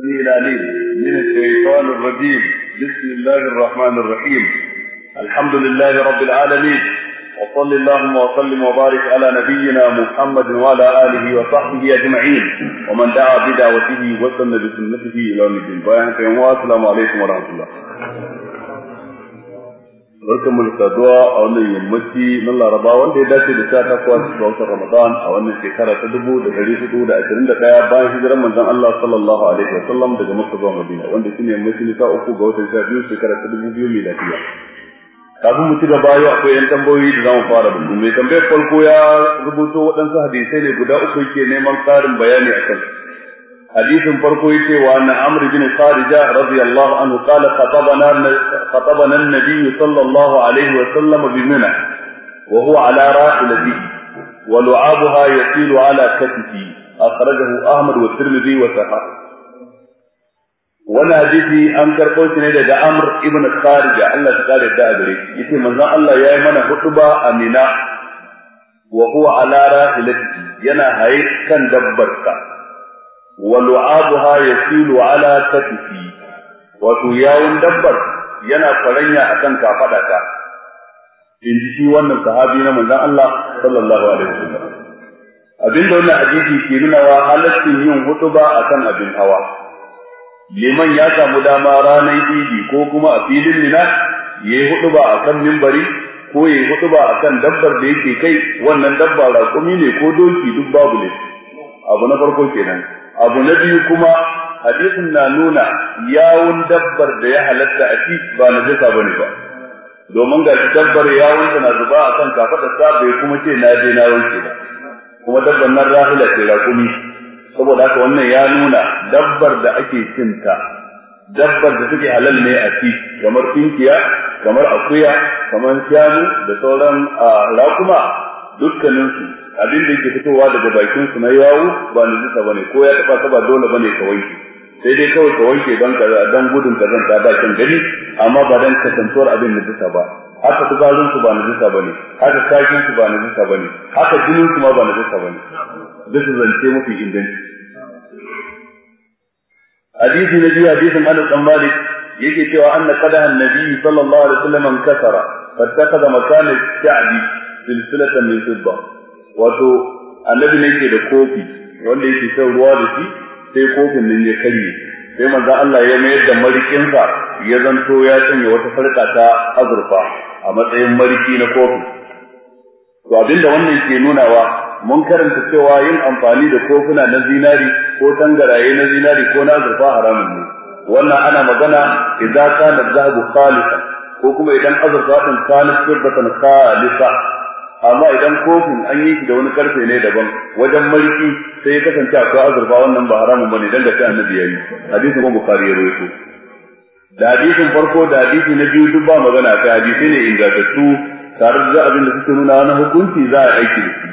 السميع العليم من الشيطان الرجيم بسم الله الرحمن الرحيم الحمد لله رب العالمين وصل اللهم وسلم وبارك على نبينا محمد وعلى اله وصحبه اجمعين ومن دعا بدعوته وسن بسنته الى يوم الدين السلام عليكم ورحمه الله barkan mu da saduwa a wannan yammaci na laraba wanda ya dace da sha takwas ga watan ramadan a wannan shekara ta dubu da dari hudu da ashirin da ɗaya bayan hijirar manzon allah sallallahu alaihi wa sallam daga makka zuwa madina wanda shine yammaci na sha uku ga watan sha biyu shekara ta dubu biyu miladiya kafin mu ci gaba yau akwai yan tambayoyi da zamu fara da mai tambayar farko ya rubuto waɗansu hadisai ne guda uku yake neman ƙarin bayani a kansu hadisin farko yace wa anna amr bin kharija radiyallahu anhu qala khatabana khatabana an sallallahu alaihi wa sallam bi mina wa huwa ala rahilati wa lu'abuha yasilu ala ahmad wani hadisi an karɓo shi ne daga amr ibn kharija Allah ta kare da gare shi yace manzon Allah yayi mana hutuba a mina wa huwa ala rahilati yana haye kan dabbarsa ولعابها يسيل على ala wato yawun dabbar yana faranya akan kafaɗata. ta in ji shi wannan sahabi na manzon Allah sallallahu alaihi wasallam abin da wannan hadisi ke nuna wa halaccin yin hutuba akan abin hawa liman ya samu dama ranar idi ko kuma a filin ya yayi hutuba akan mimbari ko yayi hutuba akan dabbar da yake kai wannan dabba raƙumi ne ko doki duk babu ne abu na farko kenan abu na biyu kuma hadisin na nuna yawun dabbar da ya halatta a ci ba na ba ne ba domin ga shi dabbar yawun na zuba a kan kafadar sa bai kuma ce na je na wanke ba kuma dabbar nan rahila ce raƙumi saboda haka wannan ya nuna dabbar da ake cinta dabbar da take halal ne a ci kamar tinkiya kamar akuya kamar shanu da sauran ah, rakuma dukkaninsu abin da yake fitowa daga bakin su na yawo ba najisa bane ko ya taba ka ba dole bane ka wanke sai dai kawai ka wanke dan ka dan gudun ka zanta ba kan gani amma ba dan tantuwar abin najisa ba haka tsarin su ba najisa bane haka kashin su ba najisa bane haka jinin su ma ba najisa bane duk zance mafi inganci hadisi na biyu hadisin Anas dan Malik yake cewa anna qadaha an sallallahu alaihi wasallam kasara fattakhadha makana al-sha'bi silsilatan min fiddah wato annabi ne ke da kofi wanda yake shan ruwa da shi sai kofin nan ya karye sai manzo Allah ya mayar da marikinsa ya zanto ya sanya wata farka ta azurfa a matsayin mariki na kofi. to abinda wannan ke nunawa mun karanta cewa yin amfani da kofuna na zinari ko tangaraye na zinari ko na azurfa haramun ne wannan ana magana idan kana zahabu khalisan ko kuma idan azurfa din kana sirbatan khalisa amma idan kofin an yi shi da wani karfe ne daban wajen mulki sai ya kasance akwai azurfa wannan ba haramun bane dan da sai annabi yayi hadisin ko bukhari ya rawaito da hadisin farko da hadisi na biyu duk ba magana ta hadisi ne ingantattu tare da abin da suke nuna na hukunci za a aiki da shi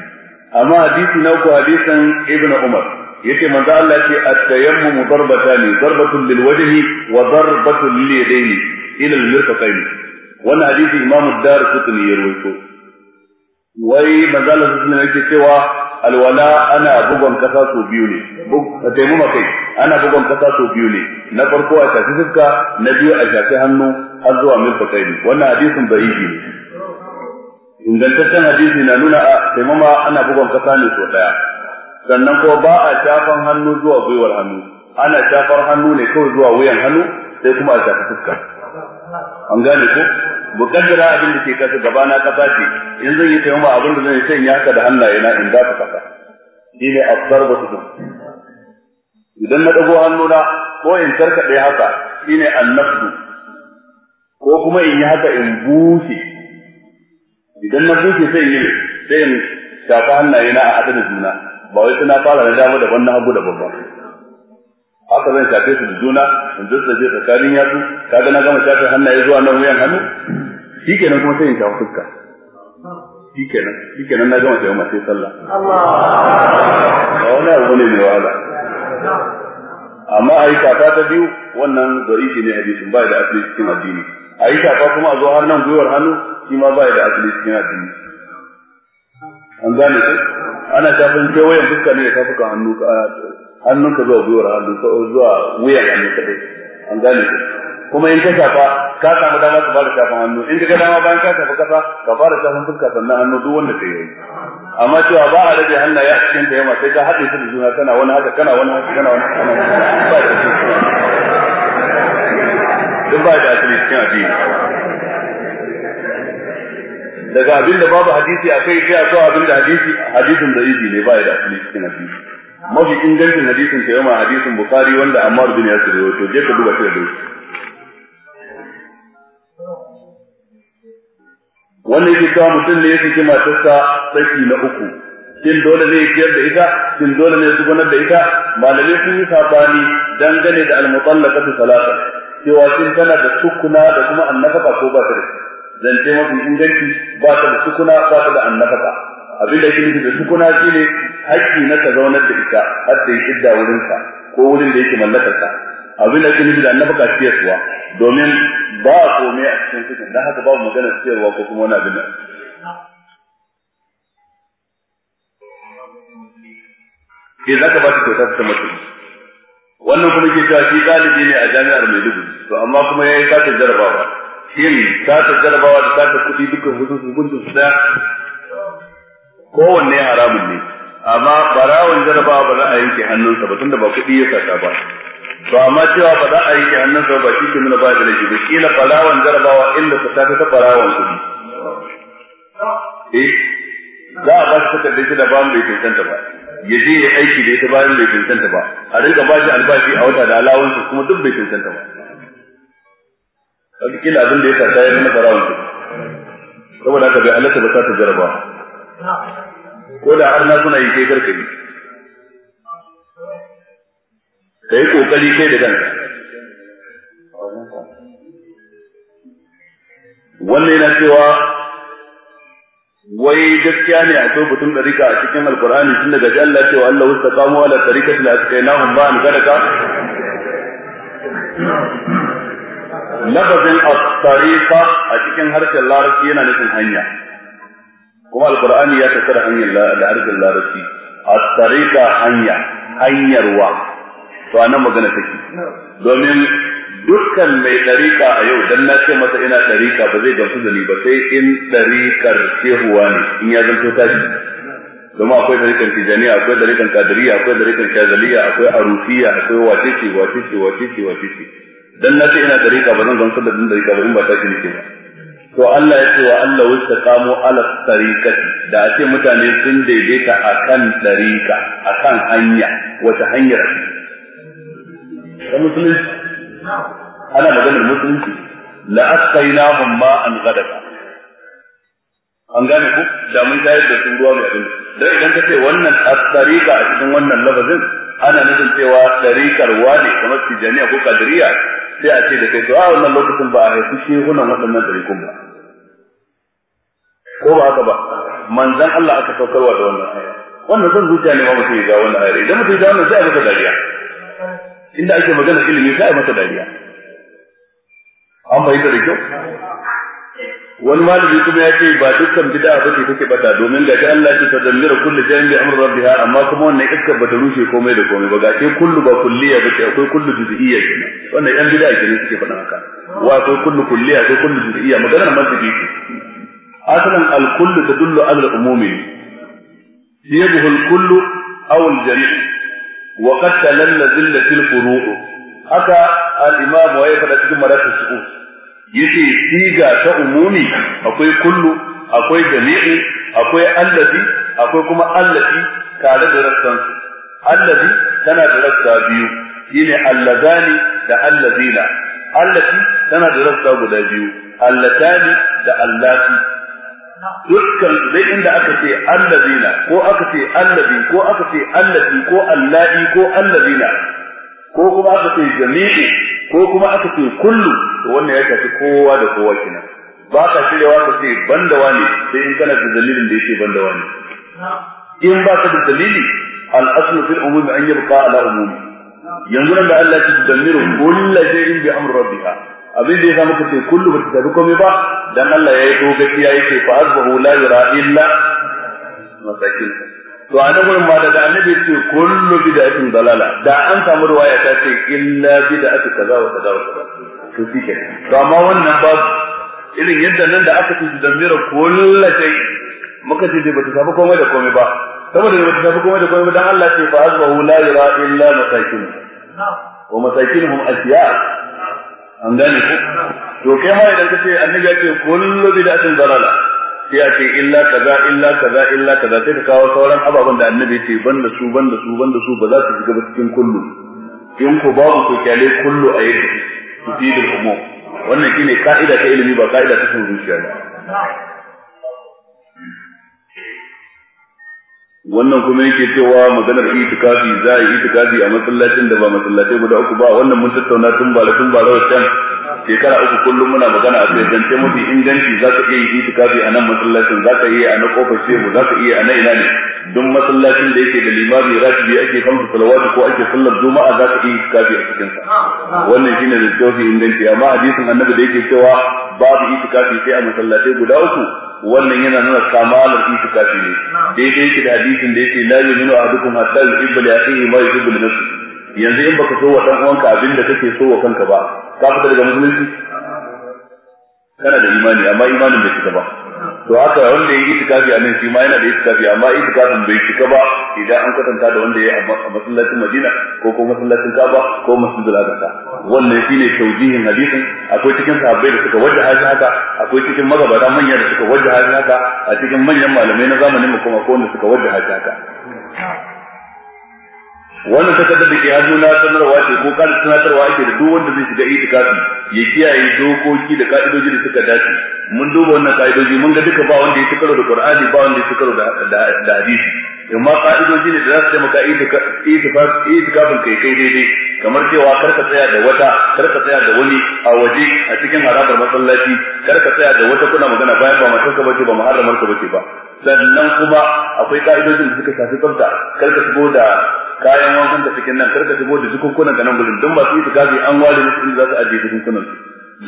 amma hadisi na uku hadisin ibn umar yace manzo Allah ce at-tayammumu darbatani darbatun lil wajhi wa darbatun lil yadayni ila al-mirfaqayn wannan hadisi imamu ad-darqutni ya rawaito wai manzalar suna yake cewa alwala ana bugon kasa sau biyu ne a taimama kai ana bugon kasa sau biyu ne na farko a shafi fuska na biyu a shafi hannu har zuwa mil fakaini wannan hadisin bai ne ingantaccen hadisi na nuna a taimama ana bugon kasa ne sau daya sannan ko ba a shafan hannu zuwa gwiwar hannu ana shafar hannu ne kawai zuwa wuyan hannu sai kuma a shafi fuska an gane ko mukaddara abin da ke kasa gaba na kasa ce in zan yi tayyama abin da zan yi sai ya ka da hannaye na in za ka kasa shi ne ba su idan na dago hannuna ko in karkade haka shi ne annafdu ko kuma in yi haka in bushe idan na bushe sai in yi sai in shafa hannaye na a hada da juna ba wai suna fara na dama daban na hagu daban ba haka zan shafe su da juna in zurta je tsakanin yatsu kaga na gama shafe hannaye zuwa nan wuyan hannu shikenan kuma sai in shafa fuska shikenan shikenan na gama tayammuma sai sallah ba wani abu ne mai wahala amma a yi kafa ta biyu wannan gari shi ne hadisin bai da asali cikin addini a yi kafa kuma a zo har nan gwiwar hannu shi ma bai da asali cikin addini an gane su ana ke kewayen fuska ne da tafukan hannu ka zuwa gwiwar hannu zuwa wuya hannu dai an gane ku kuma in ka shafa ka samu dama ka fara shafan hannu in ka dama bayan ka shafa kasa ka fara shafan fuska sannan hannu duk wanda ka yi amma cewa ba a rage hannaye a cikin da yamma sai ka haɗe su da juna kana wani haka kana wani haka kana wani haka ba da duk ba da asali cikin addini daga abin da babu hadisi a kai sai a kawo abin da hadisi hadisin da izi ne ba ya da asali cikin hadisi mafi ingancin hadisin ta yamma hadisin bukari wanda amma bin yasir ya wato je ka duba shi da dai wannan yake cewa mutum ne ya saki matarsa saki na uku kin dole ne ya ciyar da ita kin dole ne ya zubanar da ita Malami sun yi sabani dangane da almutallaqatu salata cewa sun tana da tukuna da kuma annaka ko ba ta da zance mafi inganci ba ta da sukuna ba ta da annabaka abin da yake da sukuna shine haƙƙi na ka zaunar da ita har da idda wurin ka ko wurin da yake mallakar ka abin da yake da annabaka suwa domin ba komai a cikin cikin dan haka babu magana siyarwa ko kuma wani abin ke za ka ba ta kyauta ta mutum wannan kuma ke cewa shi ɗalibi ne a jami'ar Maiduguri to amma kuma ya yi sake jarabawa yin sata jarabawa da sata kuɗi dukkan hukuncin su daya kowanne haramun ne amma barawon jarabawa ba za a yanke hannunsa ba tun da ba kuɗi ya sata ba to amma cewa ba za a yanke hannunsa ba shi ke nuna ba da laifi ba kila barawon jarabawa inda ka sata ta barawon kuɗi eh za a ba shi takardar shi da ba mu bai cancanta ba ya je ya aiki da ita bayan bai cancanta ba a rinka ba shi albashi a wata da alawunsa kuma duk bai cancanta ba kaga kila abin da ya sata ya nuna fara wuce saboda haka bai halatta ba ta jarabawa. ko da har na suna yi kai karkari kai kokari kai da kanka wannan yana cewa wai gaskiya ne a so batun ɗarika a cikin alkur'ani tun daga ji Allah cewa Allah wasu ta kamo ala ɗarika da aka kai nahun ba an ka lafazin a tariqa a cikin harshen larabci yana nufin hanya kuma alqur'ani ya tattara hanyar da harshen larabci at-tariqa hanya hanyarwa to anan magana take domin dukkan mai ɗariƙa a yau dan na ce masa ina ɗariƙa ba zai gamsu da ni ba sai in ɗariƙar shehuwa ne in ya zanto tashi domin akwai ɗariƙan tijaniya akwai ɗariƙan kadiriya akwai ɗariƙan shazaliya akwai arufiya akwai wacece wacece wacece wacece dan na ce ina dariƙa ba zan gamsar da din dariƙa ba in ba ta ne ke ba to Allah ya ce wa Allah kamo ala tariqati da a ce mutane sun daidaita akan tariqa akan hanya wata hanyar ta musulunci ana maganar musulunci la asqayna hum ma an gane ku da mun tayar da sun ruwa mai abin dan idan ka ce wannan tariqa a cikin wannan lafazin ana nufin cewa tariqar wane kamar tijaniya ko kadiriya sai a ce da kai to a wannan lokacin ba a haifi shehunan waɗannan ɗarikun ba ko ba haka ba manzan Allah aka saukarwa da wannan aya wannan zan zuciya ne ma mutum ya ga wannan aya idan mutum ya ga wannan sai a masa dariya inda ake magana ilimi sai a masa dariya an bai da kyau wani malami kuma ya ce ba dukkan bid'a bace take bata domin ga ta Allah ce tadammiru kullu shay'in bi amri rabbiha amma kuma wannan iska bata rushe komai da komai ba ga ce kullu ba kulliya bace akwai kullu juz'iyya kenan wannan yan bid'a kenan suke faɗa haka wa akwai kullu kulliya akwai kullu juz'iyya maganar mantiqi ce asalan al kullu tadullu ala al umumi yabuhu al kullu aw al jami' wa qad talalla zillatil furu' haka al imam wa ya faɗa cikin madatul su'ud yake siga ta umumi akwai kullu akwai jami'u akwai allazi akwai kuma allazi tare da rassan allazi tana da rassa biyu shine allazani da allazina allazi tana da rassa guda biyu allatani da allati dukkan da inda aka ce allazina ko aka ce allazi ko aka ce allati ko allahi ko allazina ko kuma aka ce jami'i ko kuma aka ce kullu to wannan ya shafi kowa da kowa kina. ba ka cirewa ka ce banda wani sai in kana da dalilin da yake banda wani in ba ka da dalili al aslu fil umumi an yabqa ala umumi yanzu nan da Allah ya tudammiru kullu shay'in bi amri rabbiha abin da ya zama kace kullu ba ta komai ba dan Allah ya yi ya yake fa azbahu la yura illa masakin to a nan ma da annabi ce kullu ikin dalala da an samu ruwaya ta ce illa aka kaza wa kaza wa kaza to ke to amma wannan ba irin yadda nan da aka ce da mira kullu sai muka ce ba ta samu komai da komai ba saboda ba ta samu komai da komai ba dan Allah ce fa azbahu la yara illa masakin wa masakinhum asya an gane ku to kai ma idan kace annabi ya ce kullu ikin dalala sai a ce illa kaza illa kaza illa kaza sai ka kawo sauran ababen da annabi ce banda su banda su banda su ba za su shiga ba cikin kullu in ku ba ku kyale kullu a yadda su fi da kuma wannan shine ka'ida ta ilimi ba ka'ida ta son zuciya ba wannan kuma yake cewa maganar itikafi za a yi itikafi a masallacin da ba masallatai guda uku ba wannan mun tattauna tun ba tun ba rawar can shekara uku kullum muna magana a kai zance mafi inganci za ka iya yi itikafi a nan masallacin za ka iya a na kofar shehu za ka iya a na ina ne duk masallacin da yake da limami rajibi ake kamsa salawatu ko ake sallar juma'a za ka iya itikafi a cikin sa wannan shine da tsofi inganci amma hadisin annabi da yake cewa babu itikafi sai a masallatai guda uku wannan yana nuna kamalar itikafi ne daidai yake da hadisin da yake la yu'minu ahadukum hatta yuhibba li akhihi ma yuhibbu li nafsihi yanzu in baka so wa dan uwanka abin da kake so wa kanka ba ka fita daga musulunci kana da imani amma imanin bai cika ba to haka wanda ya yi itikafi a nan shi ma yana da itikafi amma itikafin bai cika ba idan an kwatanta da wanda ya yi a masallacin Madina ko ko masallacin Kaaba ko masallacin Aqsa wannan shine taujihin hadisin akwai cikin sahabbai da suka wajja shi haka akwai cikin magabata manya da suka wajja shi haka a cikin manyan malamai na zamanin mu kuma ko wanda suka wajja shi haka wannan takardar da ke hannu na sanarwa ce ko kada sanarwa ake da duk wanda zai shiga itikafi ya kiyaye dokoki da ka'idoji da suka dace mun duba wannan ka'idoji mun ga duka ba wanda ya ci karo da qur'ani ba wanda ya karo da hadisi amma ka'idoji ne da za su taimaka itikafin kai kai daidai kamar cewa kar ka tsaya da wata kar ka tsaya da wani a waje a cikin harabar masallaci kar ka tsaya da wata kuna magana bayan ba matarka ce ba muharramar ba ce ba sannan kuma akwai ka'idojin da suka shafi tsafta kar ka shigo da kayan wankan da cikin nan kar ka shigo da jikunkunan ka nan gurin don masu gaji an ware musu inda za su ajiye jikunkunan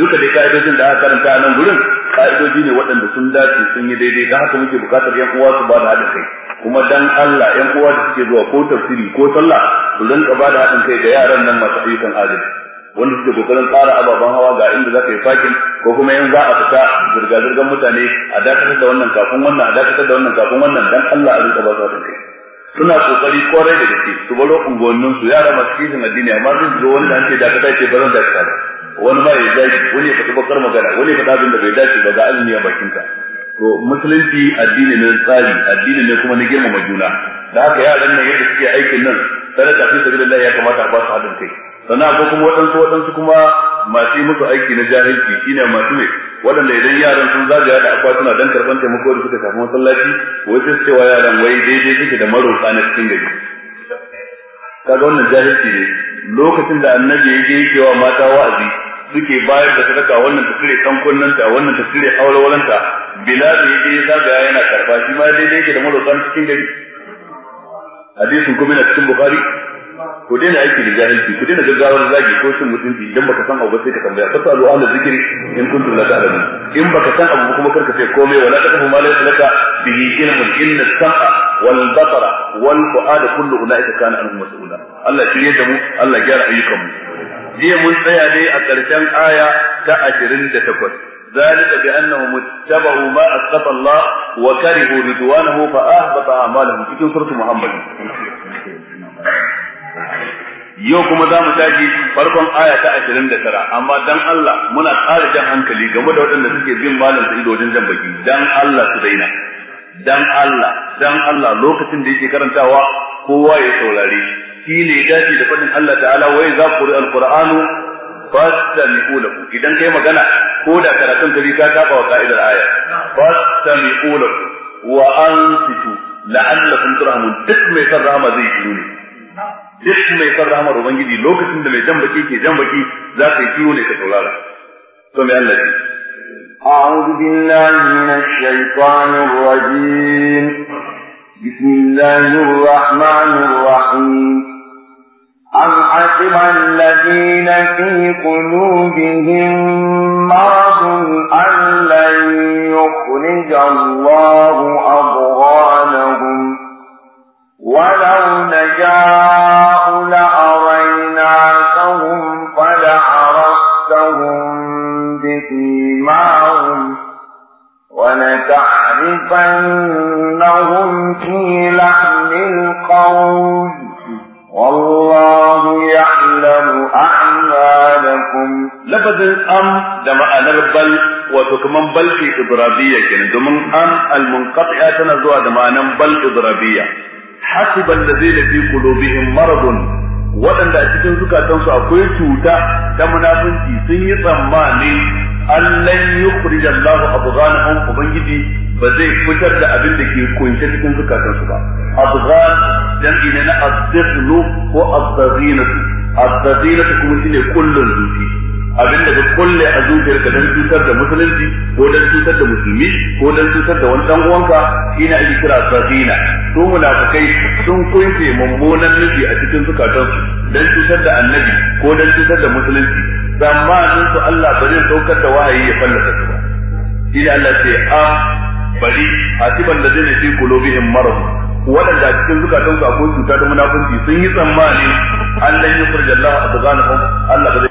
duka dai ka'idojin da aka karanta a nan gurin ka'idoji ne waɗanda sun dace sun yi daidai don haka muke buƙatar yan uwa su ba haɗin kai kuma dan Allah yan uwa da suke zuwa ko tafsiri ko sallah su rinka ba da haɗin kai ga yaran nan masu ayyukan adalci wanda suke kokarin tsara ababen hawa ga inda za ka yi fakin ko kuma yanzu za a fita zirga-zirgar mutane a dakatar da wannan kafin wannan a dakatar da wannan kafin wannan dan Allah a rika ba su haɗin kai suna kokari kwarai da gaske su baro unguwannin su yara masu kishin addini amma zai zo wani da ce dakata ce bazan zan wani ma ya zaki wani ya faɗi bakar magana wani ya faɗi abin da bai dace ba ga azumi a bakinka to musulunci addini ne tsari addini ne kuma na girmama juna da haka yaran nan yadda suke aikin nan sadaka fi sabilillah ya kamata a ba su haɗin kai sannan akwai kuma waɗansu waɗansu kuma masu musu aiki na jahilci shine masu ne waɗanda idan yaran sun zagaya da akwatuna dan karɓan taimako da suka tafi masallaci wai sai cewa yaran wai daidai suke da maroƙa na cikin gari kaga wannan jahilci ne lokacin da annabi ya yake wa mata wa'azi suke bayar da sadaka wannan ta cire kan kunnanta wannan ta cire hawlawalanta bilal yi zagaya yana karba shi ma daidai yake da maroƙa cikin gari hadisin kuma na cikin bukhari ku daina aiki da jahilci ku daina gaggawar zagi ko shin mutunci idan baka san abu sai ka tambaya fa alu ahla zikri in kuntum la ta'lamun in baka san abu kuma karka sai komai wala taqfu ma laysa laka bihi ilmun inna as-sam'a wal basara wal fu'ada kullu ulaika kana anhu mas'ula Allah shi yadda mu Allah gyara ayyukan mu jiya mun tsaya dai a ƙarshen aya ta 28 ذلك بأنهم اتبعوا ما أسخط الله وكرهوا رضوانه فأهبط أعمالهم في سورة محمد yau kuma za mu tashi farkon aya ta ashirin da tara amma dan Allah muna ƙara jan hankali game da waɗanda suke bin malam su ido wajen jan baki dan Allah su daina dan Allah dan Allah lokacin da yake karantawa kowa ya saurare shi ne dace da faɗin Allah ta'ala wai za ku alqur'anu fastami'u lahu idan kai magana ko da karatun gari ka taba wa ka'idar aya fastami'u lahu wa ansitu la'allakum turhamun duk mai son zai yi ne duk mai son rahmar ubangiji lokacin da mai jan baki ke jan baki za ka yi shiru ne ka saurara to mai Allah ce أعوذ بالله من الشيطان الرجيم بسم الله الرحمن الرحيم أم حسب الذين في قلوبهم مرض أن لن يخرج الله أضغانهم ولو نجاء لأريناكهم فلعرفتهم بسيماهم ولتعرفنهم في لحن القول والله يعلم أعمالكم لفظ الأم دمع نربل wato kaman bal fi idrabiyya kenan domin an al munqati'a tana zuwa da ma'anan zai allazina fi qulubihim maradun waɗanda a cikin zukatansu akwai cuta ta munafunci sun yi tsammani allan yukhrij Allahu abghanahum ubangiji ba zai fitar da abin da ke kunshe cikin zukatansu ba abghan dan ina na asdiqlu ko asdinatu asdinatu kuma shine kullun zuci abin da ka kulle a ka dan cutar da musulunci ko dan cutar da musulmi ko dan cutar da wani dan uwanka shine ake kira safina su munafikai sun kunce mummunan nufi a cikin zukatansu dan cutar da annabi ko dan cutar da musulunci zamanin su Allah bari saukar da wahayi ya fallasa su ba shi da Allah ce a bari hasiban da zai fi kulubihim marad waɗanda a cikin zukatansu akwai cuta ta munafunci sun yi tsammani an ya yukhrij Allah adghanahum Allah ba